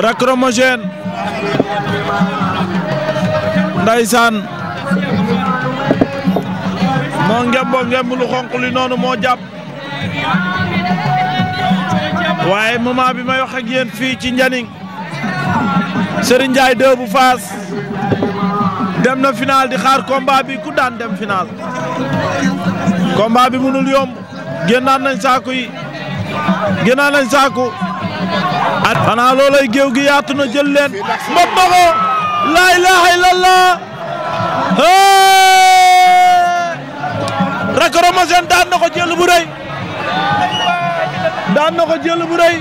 lacrymogène ndaysaan moo ngemboo ngemb xonq li noonu moo jàpp waaye moment bi may wax ak fii ci Njaniñ Serigne Ndiaye 2 bu Faas dem na final di xaar combat bi ku daan dem final combat bi mënul yomb génnaan nañ saako yi génnaan nañ saako xanaa loolay géew gi yaatu na jël leen mbot laa ilaaha illallah Rakk Ramazane daan na ko jël bu rëy daan na ko jël bu rëy